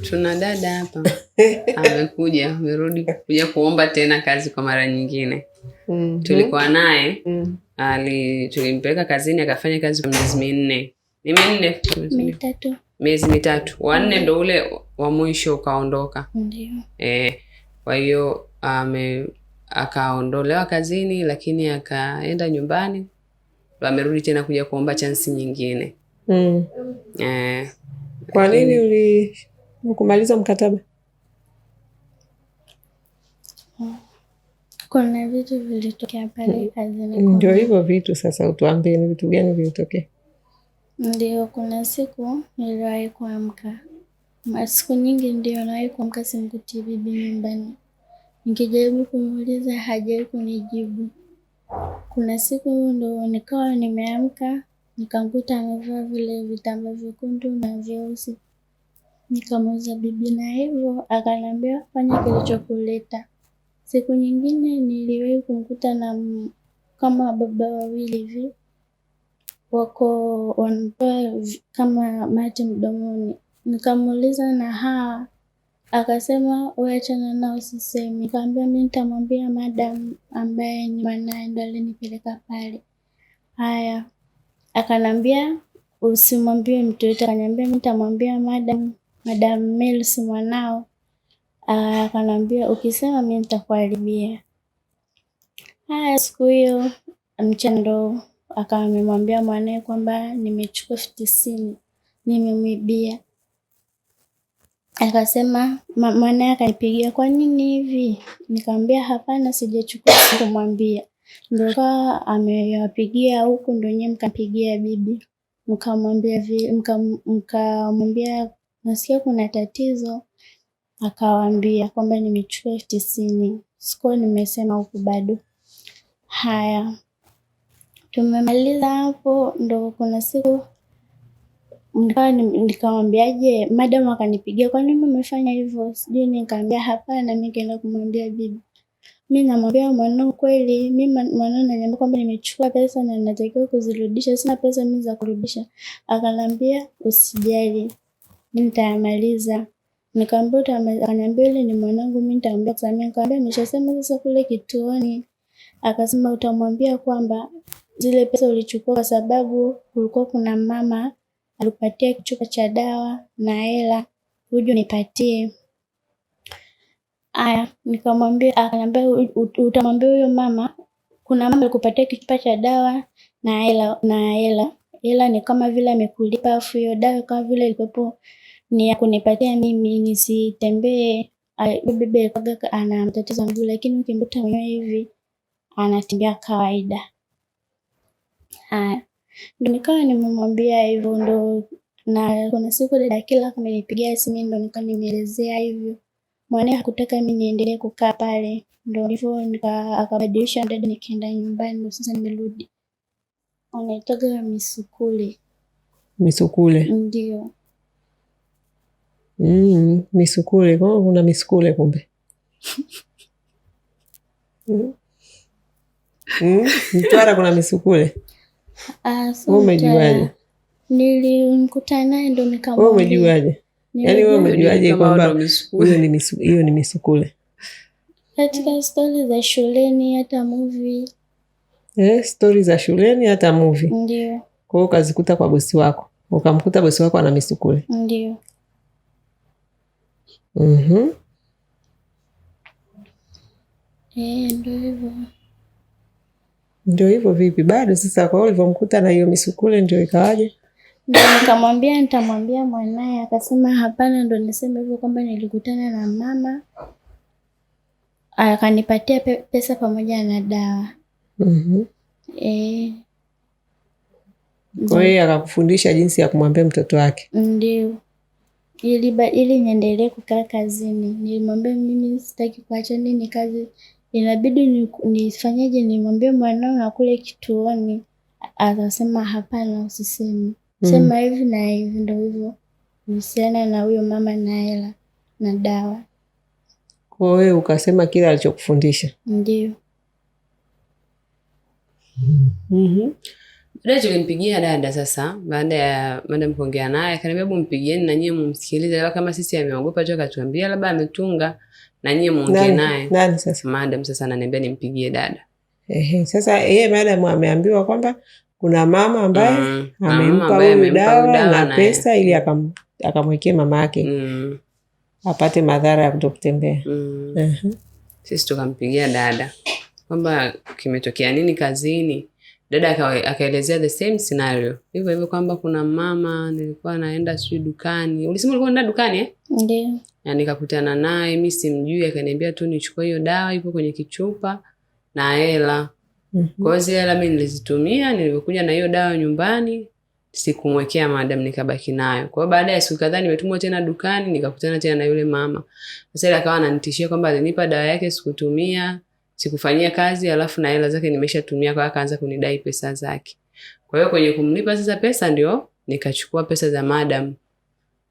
tuna dada hapa amekuja, amerudi kuja kuomba tena kazi kwa mara nyingine. mm -hmm. Tulikuwa naye mm -hmm. tulimpeleka kazini akafanya kazi kwa miezi minne, ni minne, miezi mitatu, wanne mhm. ndo ule wa mwisho ukaondoka. E, kwa hiyo ame akaondolewa kazini, lakini akaenda nyumbani, amerudi tena kuja kuomba chansi nyingine. mm. E, kwa nini uli kumaliza mkataba. Kuna vitu vilitokea pale mm. kazini. Mm, ndio hivyo vitu sasa, utuambie ni vitu gani vilitokea? Ndio, kuna siku niliwahi kuamka, masiku nyingi ndio nawahi kuamka, simkuti bibi nyumbani, nikijaribu kumuuliza hajawahi kunijibu. Kuna siku ndo nikawa nimeamka nikamkuta amevaa vile vitambaa vyekundu na vyeusi Nikamuuliza bibi, na hivyo? Akaniambia fanya kilichokuleta. Siku nyingine niliwahi kumkuta na kama baba wawili hivi wako wanatoa kama mate mdomoni, nikamuuliza na hawa? Akasema wewe nao, sisemi. Nikamwambia mimi nitamwambia madam ambaye ni mwanaye ndo alinipeleka pale. Haya, akanambia usimwambie mtu yote, akaniambia mimi nitamwambia madam Madam Mills mwanao ah, akanambia, ukisema mimi nitakuharibia. Haya, siku hiyo mchana ndo akawa amemwambia mwanae kwamba nimechukua elfu tisini nimemwibia. Akasema mwanae akanipigia, kwa nini hivi? Nikamwambia hapana, sijachukua, sikumwambia. Ndo kawa amewapigia huku, ndo nyewe mkampigia bibi mkamwambia mkamwambia nasikia kuna tatizo, akawaambia kwamba nimechukua elfu tisini sikuwa nimesema huku bado. Haya, tumemaliza hapo, ndo kuna siku nikawa nikamwambiaje, madam akanipigia, kwa nini umefanya hivyo? Sijui nikaambia hapana, mi kaenda kumwambia bibi mi namwambia mwanao kweli, mi mwanao naniambia kwamba nimechukua pesa na natakiwa kuzirudisha, sina pesa mi za kurudisha. Akanambia usijali, mimi nitamaliza. Nikaambia utaniambia yule ni mwanangu, mimi nitamwambia kusamia. Nikamwambia nimeshasema sasa kule kituoni. Akasema utamwambia kwamba zile pesa ulichukua kwa sababu kulikuwa kuna mama alipatia kichupa cha dawa na hela, uje nipatie. Aya, nikamwambia akaniambia, utamwambia huyo mama kuna mama alikupatia kichupa cha dawa na hela na hela hela ni kama vile amekulipa, afu hiyo dawa kama vile ilikuwepo ni ya kunipatia mimi nisitembee. Bebe kaga ana matatizo mguu, lakini ukimkuta mwenyewe hivi anatembea kawaida. Haya, ndo nikawa nimemwambia hivyo ndo, na kuna siku dada kila amenipigia simu, ndo nikawa nimeelezea hivyo. Mwanae hakutaka mi niendelee kukaa pale, ndo hivyo akabadilisha dada, nikaenda nyumbani, ndo sasa nimerudi. Anaitaga misukule, misukule ndio Mm, misukule kuna misukule kumbe. mm. Mm, kuna misukule ah, yaani umejuaje? naye ndo nikamwambia. Umejuaje? Yaani wewe umejuaje kwamba hiyo ni misukule? Katika stori za shuleni hata movie. Eh, stori za shuleni hata movie. Ndio. Kwa hiyo ukazikuta kwa bosi wako, ukamkuta bosi wako ana misukule. Ndio. Mhm. ndio hivyo. Ndio hivyo vipi? Bado sasa kwa ulivyomkuta na hiyo misukule ndio ikawaje? Ndio nikamwambia nitamwambia mwanaye, akasema hapana, ndo niseme hivyo kwamba nilikutana na mama akanipatia pe pesa pamoja na dawa. Mhm. Eh. Kwa hiyo akakufundisha jinsi ya kumwambia mtoto wake. Ndio ili niendelee kukaa kazini. Nilimwambia mimi sitaki kuacha nini kazi, inabidi nifanyeje? Nimwambie mwanao na kule kituoni? atasema hapana, usiseme, mm. sema hivi na hivi, ndo hivyo husiana na huyo mama na hela na dawa. Kwa wewe ukasema kile alichokufundisha ndio. mm -hmm. Dada tukimpigia dada sasa, baada ya madam kuongea naye, akaniambia hebu mpigieni na nyie mumsikilize, labda kama sisi ameogopa tu, akatuambia labda ametunga, na nyie muongee naye. Nani sasa? Madam sasa ananiambia nimpigie dada. Ehe, sasa yeye madam ameambiwa kwamba kuna mama ambaye mm, amempa huyu dawa na, na pesa ili akamwekee mama yake mm, apate madhara ya kutokutembea mm. uh -huh. Sisi tukampigia dada kwamba kimetokea nini kazini Dada akaelezea the same scenario hivyo hivyo, kwamba kuna mama nilikuwa naenda sijui dukani. Ulisema ulikuwa naenda dukani eh? Ndiyo. Na nikakutana naye, mi simjui, akaniambia tu nichukue hiyo dawa, ipo kwenye kichupa na hela. mm -hmm. Kwa zile hela mi nilizitumia, nilivyokuja na hiyo dawa nyumbani sikumwekea madam, nikabaki nayo. Kwa hiyo baada ya siku kadhaa nimetumwa tena dukani, nikakutana tena na yule mama. Sasa akawa ananitishia kwamba alinipa dawa yake sikutumia sikufanyia kazi, alafu na hela zake nimeshatumia, kwa akaanza kunidai pesa zake. Kwa hiyo kwenye kumlipa sasa pesa ndio nikachukua pesa za madam.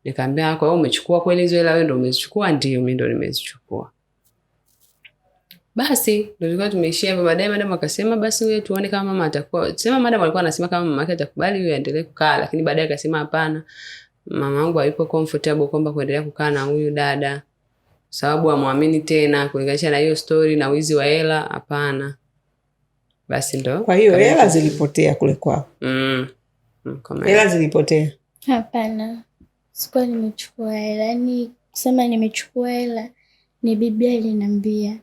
Nikamwambia, ah, kwa hiyo umechukua kweli hizo hela, wewe ndio umezichukua? Ndio, mimi ndio nimezichukua. Basi ndio tulikuwa tumeishia hapo. Baadaye madam akasema basi wewe tuone kama mama atakuwa. Sema madam alikuwa anasema kama mama yake atakubali yeye aendelee kukaa, lakini baadaye akasema hapana. Mama wangu hayupo comfortable kwamba kuendelea kukaa na huyu dada sababu amwamini tena, kulinganisha na hiyo stori na wizi wa hela, hapana. Basi ndo kwa hiyo hela zilipotea kule kwao. Mm. mm hela zilipotea? Hapana, sikuwa nimechukua hela. Yani kusema nimechukua hela ni bibia ilinambia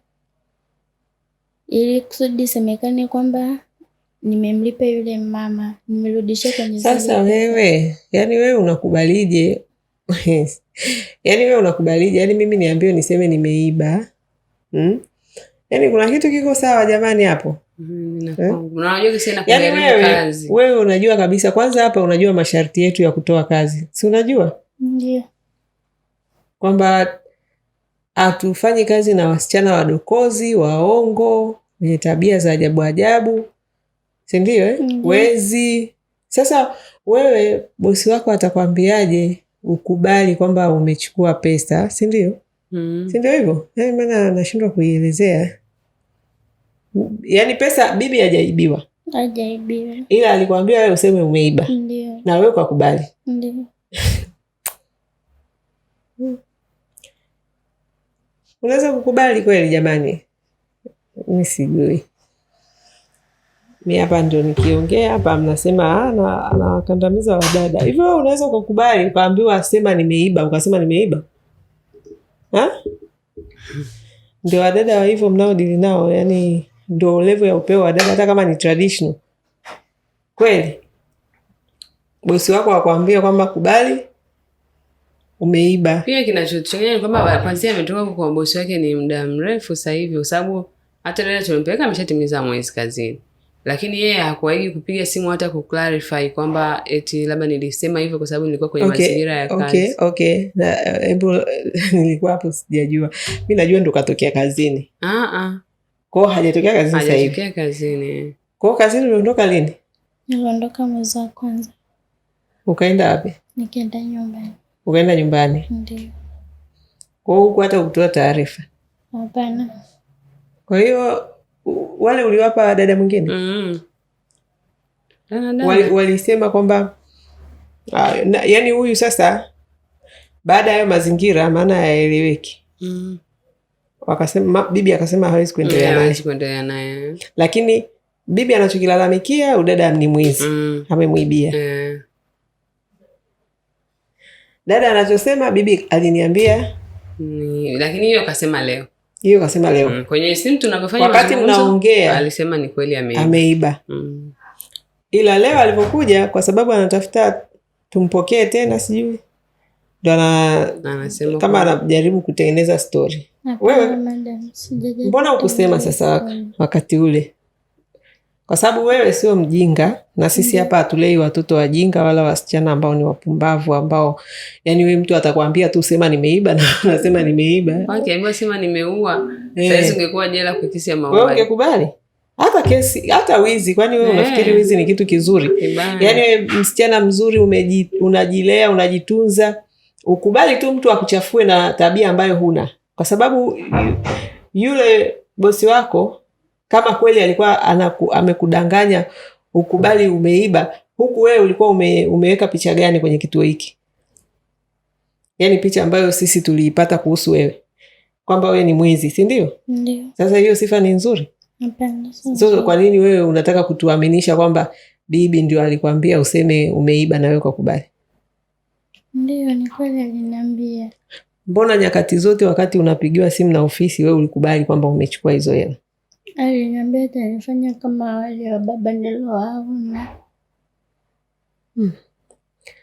ili kusudi semekane kwamba nimemlipa yule mama, nimerudisha kwenye. Sasa wewe, yani wewe unakubalije yaani wewe unakubalije? Yaani mimi niambiwe niseme nimeiba hmm? Yaani kuna kitu kiko sawa jamani hapo? Mm, eh? Yaani wewe wewe unajua kabisa, kwanza hapa unajua masharti yetu ya kutoa kazi, si unajua yeah, kwamba hatufanyi kazi na wasichana wadokozi, waongo, wenye tabia za ajabu ajabu, si ndio eh? mm -hmm. Wezi. Sasa wewe bosi wako atakwambiaje ukubali kwamba umechukua pesa, sindio Mm. sindio hivyo? yani maana nashindwa kuielezea. Yaani pesa bibi hajaibiwa. Ila alikwambia wewe useme umeiba. Na wewe ukakubali. Unaweza kukubali kweli jamani? Mi sijui mi hapa ndio nikiongea hapa mnasema ah, anawakandamiza wadada hivyo. Unaweza ukakubali ukaambiwa sema nimeiba, ukasema nimeiba Ndio wadada wahivo mnaodili nao, yani ndo levo ya upeo wadada, hata kama ni traditional kweli. Bosi wako wakuambia kwamba kubali umeiba. Kile kinachochanganya ni kwamba kwanzia ametoka kwa bosi wake ni muda mrefu sahivi hivi, kwa sababu hata dada tumepeleka ameshatimiza mwezi kazini lakini yeye yeah, hakuwahi kupiga simu hata kuclarify kwamba eti labda nilisema hivyo kwa sababu nilikuwa kwenye okay, mazingira ya kazi. Okay, okay. Na eh, hebu okay. Eh, nilikuwa hapo sijajua, Mimi najua ndo katokea kazini. Ah ah, kwao hajatokea kazini sasa hivi, hajatokea kazini. Kwao kazini uliondoka lini? Niliondoka mwezi wa kwanza. Ukaenda wapi? Nikaenda nyumbani. Ukaenda nyumbani? Ndio. Kwao huku hata kutoa taarifa? Hapana. Kwa hiyo wale uliwapa dada mwingine mm. Walisema kwamba ah, yani huyu sasa, baada ya mazingira, maana yaeleweki mm. Mm-hmm. Wakasema bibi akasema hawezi kuendelea naye, lakini bibi anachokilalamikia udada ni mwizi mm. amemwibia yeah. Dada anachosema bibi aliniambia mm. Lakini hiyo akasema leo hiyo kasema leo mm. kwenye simu tunavyofanya wakati mnaongea alisema ni kweli ameiba, ameiba. Mm. ila leo alivyokuja kwa sababu anatafuta tumpokee tena sijui ndo ana kama anajaribu kutengeneza stori wewe mbona ukusema sasa wakati ule kwa sababu wewe sio mjinga na sisi mm-hmm. hapa mm -hmm. hatulei watoto wajinga wala wasichana ambao ni wapumbavu ambao yani we mtu atakwambia tu sema nimeiba na nasema nimeiba. Okay, sema nimeua. Eh. ungekuwa jela ya ungekubali? Hata kesi hata wizi, kwani wewe eh. unafikiri wizi ni kitu kizuri? Yani msichana mzuri umeji, unajilea unajitunza, ukubali tu mtu akuchafue na tabia ambayo huna, kwa sababu yule bosi wako kama kweli alikuwa anaku, amekudanganya ukubali umeiba, huku wewe ulikuwa ume, umeweka picha gani kwenye kituo hiki? Yaani picha ambayo sisi tuliipata kuhusu wewe kwamba wewe ni mwizi, si ndio? Sasa hiyo sifa ni nzuri? so, kwa nini wewe unataka kutuaminisha kwamba bibi ndio alikwambia useme umeiba na wewe ukakubali? Ndio, ni kweli aliniambia. Mbona nyakati zote wakati unapigiwa simu na ofisi wewe ulikubali kwamba umechukua hizo hela? Aliniambia atanifanya kama wale wa baba nilowaona. Hmm.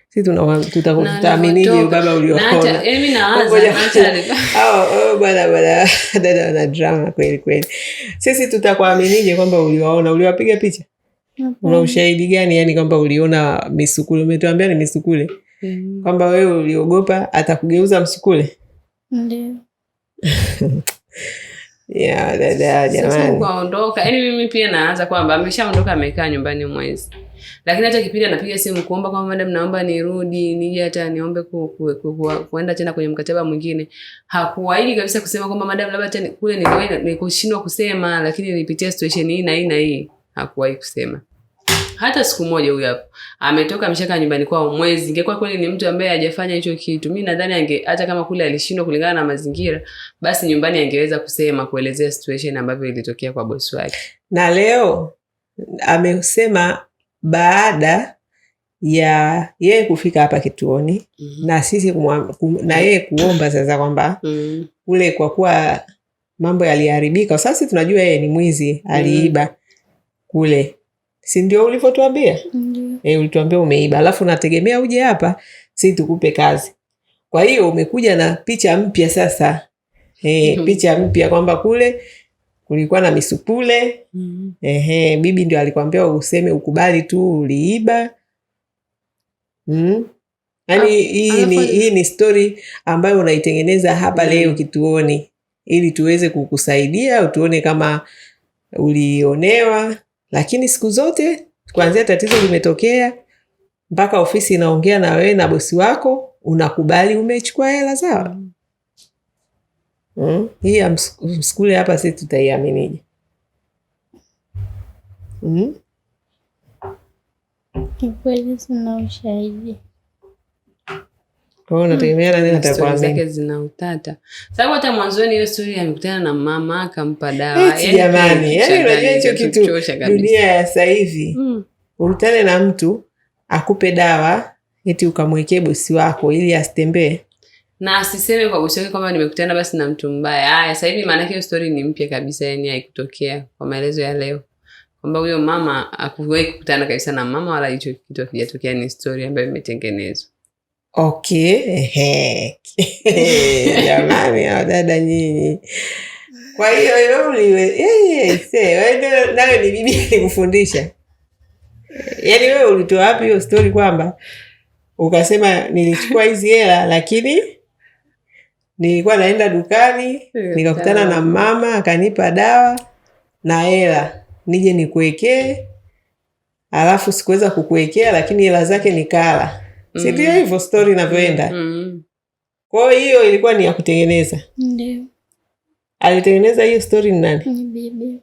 Si tutaamini baba ulioona. bwana, dada wana drama kweli kweli. Sisi tutakuaminije kwamba uliwaona? Uliwapiga picha? Una ushahidi gani yani kwamba uliona misukule? Umetuambia ni misukule mm. kwamba wewe uliogopa atakugeuza msukule? Ndio. ya dada jamani, Yaani mimi pia naanza kwamba ameshaondoka, amekaa nyumbani mwezi, lakini hata kipindi anapiga simu kuomba kwamba madam, naomba nirudi nije hata niombe ku, ku, ku, ku, kuenda tena kwenye mkataba mwingine, hakuahidi kabisa kusema kwamba madam, labda tena kule kusema, lakini nilipitia situation hii na hii na hii, hakuwahi kusema hata siku moja. huyo hapo ametoka mshaka nyumbani kwao mwezi. Ingekuwa kweli ni mtu ambaye hajafanya hicho kitu, mimi nadhani ange, hata kama kule alishindwa kulingana na mazingira, basi nyumbani angeweza kusema, kuelezea situation ambavyo ilitokea kwa bosi wake. Na leo amesema baada ya yeye kufika hapa kituoni mm -hmm. na sisi kum, na yeye kuomba sasa kwamba mm -hmm. ule kwa kuwa mambo yaliharibika, sasa tunajua yeye ni mwizi aliiba mm -hmm. kule si ndio ulivyotuambia? mm -hmm. E, ulituambia umeiba, alafu nategemea uje hapa si tukupe kazi. Kwa hiyo umekuja na picha mpya sasa. E, mm -hmm. picha mpya kwamba kule kulikuwa na misupule. mm -hmm. e, bibi ndio alikwambia useme ukubali tu uliiba. mm. hii ni, hii ni stori ambayo unaitengeneza hapa mm -hmm. leo kituoni, ili tuweze kukusaidia utuone kama ulionewa lakini siku zote kuanzia tatizo limetokea mpaka ofisi inaongea na wewe na bosi wako, unakubali umechukua hela sawa. Mm. mm. Hii ya hapa si tutaiaminije? Mm. Kikweli sina ushahidi. Kwa hiyo unategemea nani atakwambia. Zake zina utata. Sababu hata mwanzoni hiyo story amekutana na mama akampa dawa. Eh, yaani jamani, yaani unajua hicho kitu dunia ya sasa hivi. Mm. Ukutane na mtu akupe dawa eti ukamwekee bosi wako ili asitembee. Na asiseme kwa bosi wake kwamba nimekutana basi na mtu mbaya. Haya, sasa hivi maana yake story ni mpya kabisa, yani haikutokea kwa maelezo ya leo. Kwamba huyo mama akuwahi kukutana kabisa na mama wala hicho kitu akijatokea ni story ambayo imetengenezwa. Okay, Jamani hao nyinyi. Kwa hiyo hilo nayo ni bibi alikufundisha. Yaani wewe ulitoa wapi hiyo stori kwamba ukasema nilichukua hizi hela lakini nilikuwa naenda dukani nikakutana na mama akanipa dawa na hela nije nikuwekee, alafu sikuweza kukuwekea, lakini hela zake nikala sindio mm. si hivyo stori inavyoenda mm. kwao hiyo ilikuwa ni ya kutengeneza ndio alitengeneza hiyo stori ni nani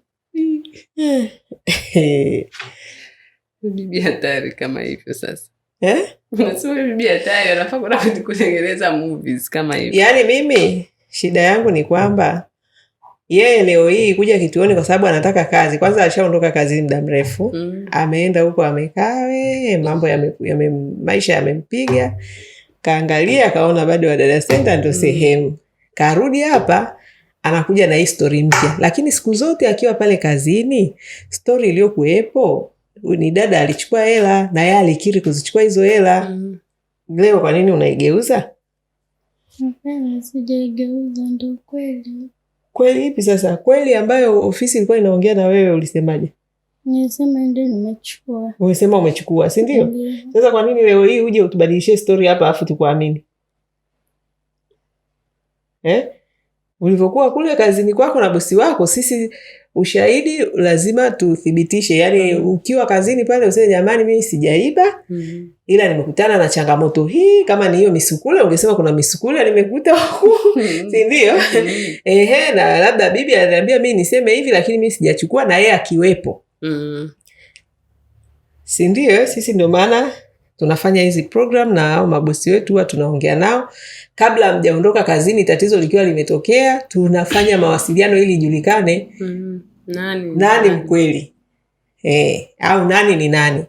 bibi hatari kama hivyo sasa eh? unasema bibi hatari anafaa kutengeneza movies kama hivyo yaani mimi shida yangu ni kwamba yeye leo hii kuja kituoni kwa sababu anataka kazi. Kwanza ashaondoka kazini muda mrefu mm. ameenda huko amekaa, we mambo yame, yame, maisha yamempiga, kaangalia kaona bado Wadada senta ndo mm. sehemu karudi hapa anakuja na hii stori mpya, lakini siku zote akiwa pale kazini stori iliyokuwepo ni dada alichukua hela na yeye alikiri kuzichukua hizo hela mm. Leo kwa nini unaigeuza? sijaigeuza, ndo kweli Kweli ipi sasa? Kweli ambayo ofisi ilikuwa inaongea na wewe, ulisemaje? ndio nimechukua. Umesema umechukua, si ndio? Sasa kwa nini leo hii uje utubadilishie stori hapa afu tukuamini eh? Ulivyokuwa kule kazini kwako na bosi wako, sisi ushahidi lazima tuthibitishe. Yani mm. ukiwa kazini pale useme jamani, mimi sijaiba mm. ila nimekutana na changamoto hii, kama ni hiyo misukule, ungesema kuna misukule nimekuta huku mm-hmm. sindio mm-hmm. Ehe, na labda bibi aliambia mi niseme hivi, lakini mi sijachukua, na yeye akiwepo mm. sindio Sisi ndio maana tunafanya hizi program na mabosi wetu huwa tunaongea nao kabla mjaondoka kazini, tatizo likiwa limetokea, tunafanya mawasiliano ili julikane mm, mm-hmm. nani, nani mkweli eh, au nani ni nani.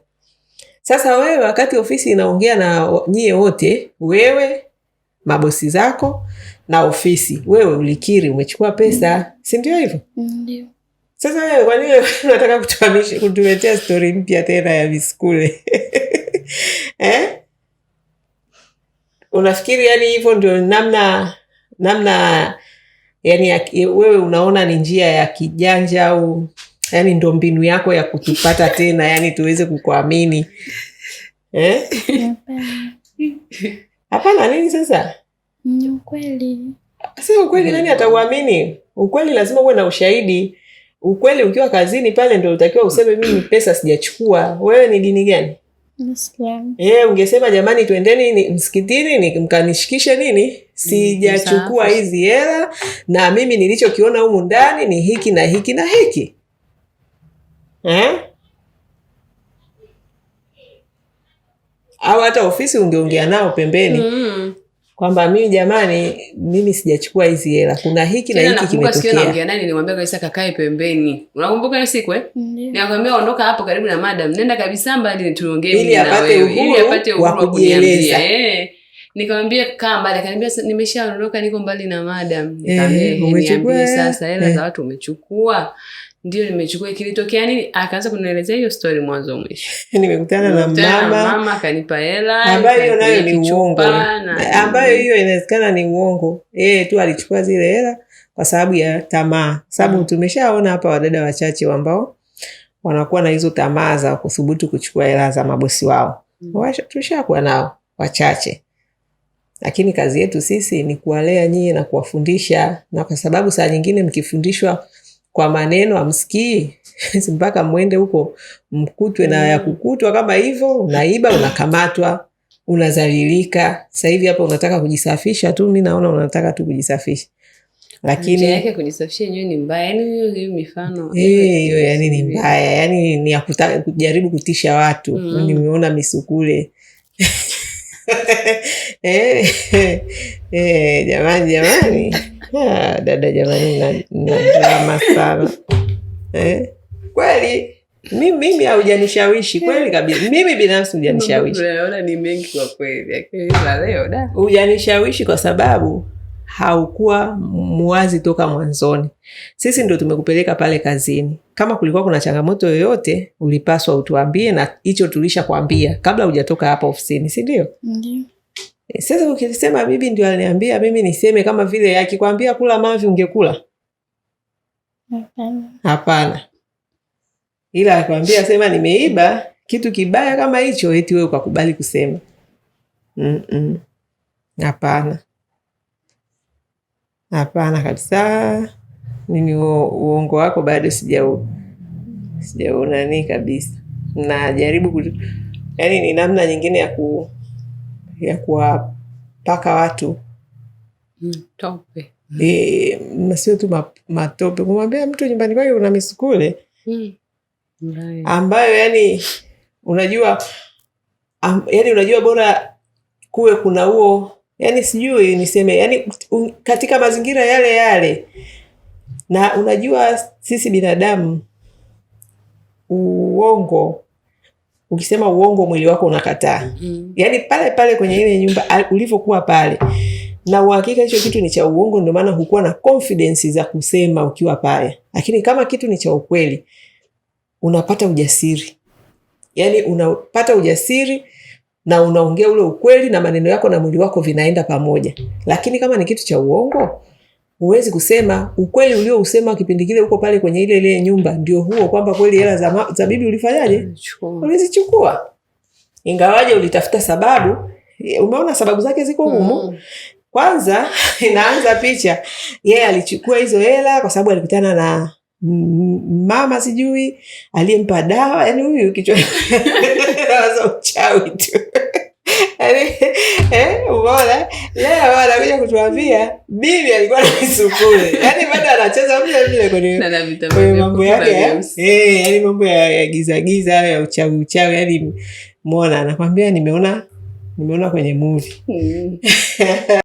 Sasa wewe, wakati ofisi inaongea na nyie wote, wewe mabosi zako na ofisi, wewe ulikiri umechukua pesa mm, mm-hmm. sindio hivyo? Ndio. Sasa wewe, kwanini nini unataka kutuletea stori mpya tena ya viskule? eh? Unafikiri yani hivyo ndio namna namna yani wewe unaona ni njia ya kijanja au yani ndo mbinu yako ya kutupata tena yani tuweze kukuamini eh? Hapana nini sasa? Ni ukweli. Si ukweli, nani atauamini? Ukweli lazima uwe na ushahidi. Ukweli ukiwa kazini pale ndo utakiwa useme, mimi pesa sijachukua. Wewe ni dini gani? E, ungesema jamani, twendeni ni, msikitini ni, mkanishikishe nini, mm, sijachukua hizi hela, na mimi nilichokiona humu ndani ni hiki na hiki na hiki eh? au hata ofisi ungeongea nao pembeni mm kwamba mimi jamani, mimi sijachukua hizi hela, kuna hiki na hiki kimetokea. Naongea nani, nimwambia kabisa kakae pembeni. Unakumbuka hiyo siku eh? Nikamwambia ondoka hapo karibu na madam, nenda kabisa mbali tuongee, mimi na wewe, ili apate uhuru wa kujieleza eh. Nikamwambia kaa mbali, akaniambia nimeshaondoka, niko mbali na madam. Eh, Nikamwambia umechukua eh? sasa hela za eh. watu umechukua ndio nimechukua kilitokea nini. Akaanza kunielezea hiyo stori mwanzo mwisho. Nimekutana na mama, akanipa hela ambayo nayo ni uongo, ambayo mm. hiyo inawezekana ni uongo. Yeye tu alichukua zile hela kwa sababu ya tamaa, sababu mm. tumeshaona hapa wadada wachache ambao wanakuwa na hizo tamaa za kuthubutu kuchukua hela za mabosi wao mm. tushakuwa nao wachache lakini kazi yetu sisi ni kuwalea nyie na kuwafundisha, na kwa sababu saa nyingine mkifundishwa kwa maneno amsikii mpaka mwende huko mkutwe na ya mm. kukutwa kama hivyo, unaiba, unakamatwa, unazalilika. Sasa hivi hapa unataka kujisafisha tu, mi naona unataka tu kujisafisha, lakini yake kujisafisha yenyewe ni mbaya. Yani hiyo mifano eh, hiyo, yani ni mbaya, yani ni ya kujaribu kutisha watu. Mm. Nimeona misukule Eh, eh, jamani jamani, ah, dada jamani, na drama sana eh, kweli mimi haujanishawishi kweli kabisa. Mimi binafsi hujanishawishi, ni mengi kwa kweli, hujanishawishi kwa sababu haukuwa mwazi toka mwanzoni. Sisi ndo tumekupeleka pale kazini. Kama kulikuwa kuna changamoto yoyote, ulipaswa utuambie, na hicho tulisha tulishakwambia kabla hujatoka hapa ofisini, si ndio? mm-hmm. Sasa ukisema bibi ndio aliniambia mimi niseme, kama vile akikwambia kula mavi ungekula? Hapana, ila akwambia sema nimeiba kitu kibaya kama hicho, eti wewe ukakubali kusema? Hapana. mm-hmm Hapana kabisa, mimi uongo wako bado sijau sijaunani kabisa. Najaribu yani ni namna nyingine ya ku ya kuwapaka watu Matope. Eh, sio tu matope, kumwambia mtu nyumbani kwake kuna misukule Mm. ambayo yani unajua am, yani unajua bora kuwe kuna huo yani sijui niseme, yani katika mazingira yale yale. Na unajua sisi binadamu, uongo ukisema uongo, mwili wako unakataa. mm -hmm. Yani pale pale kwenye ile nyumba ulivyokuwa pale, na uhakika hicho kitu ni cha uongo, ndio maana hukuwa na confidence za kusema ukiwa pale. Lakini kama kitu ni cha ukweli, unapata ujasiri, yani unapata ujasiri na unaongea ule ukweli na maneno yako na mwili wako vinaenda pamoja. Lakini kama ni kitu cha uongo, huwezi kusema ukweli uliousema kipindi kile uko pale kwenye ile ile nyumba ndio huo, kwamba kweli hela za, za bibi ulifanyaje, ulizichukua, ingawaje ulitafuta sababu. Umeona sababu zake ziko humu. mm. Kwanza inaanza picha, yeye alichukua hizo hela kwa sababu alikutana na mama sijui aliyempa dawa, yani huyu kichwa uchawi tu. Eh, umeona leo anakuja kutuambia bibi alikuwa na yani bado anacheza vile vile kwenye mambo yake, eh? Eh, yani mambo ya gizagiza ya uchawi uchawi. Yani mona anakwambia nimeona nimeona kwenye muvi mm.